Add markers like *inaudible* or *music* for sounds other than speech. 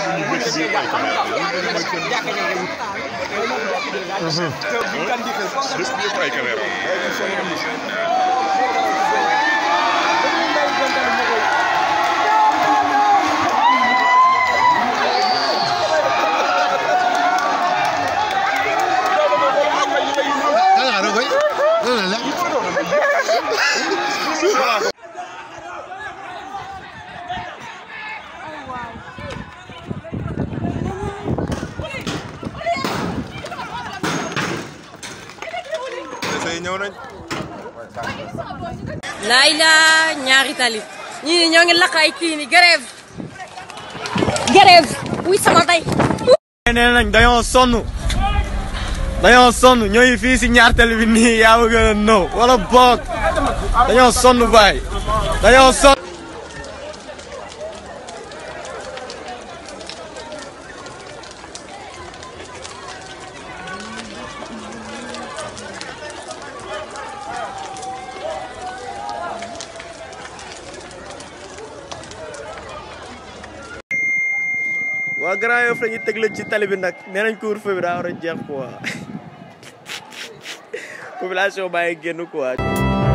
Claro, güey. police yi ñëw nañ. Layla ñaari tali. ñii ni ñoo ngi lakk ay kii ni grève. sama day. nañ dañoo sonn dañoo sonn ñooy fii si ñaar bi nii yaa ma gën a nëw wala boog dañoo sonn baay dañoo sonn. waa Grand Yoff dañuy teg leen ci tali bi nag nee nañ couvre-feu bi daa war a jeex quoi *laughs* population bàyyi génn quoi.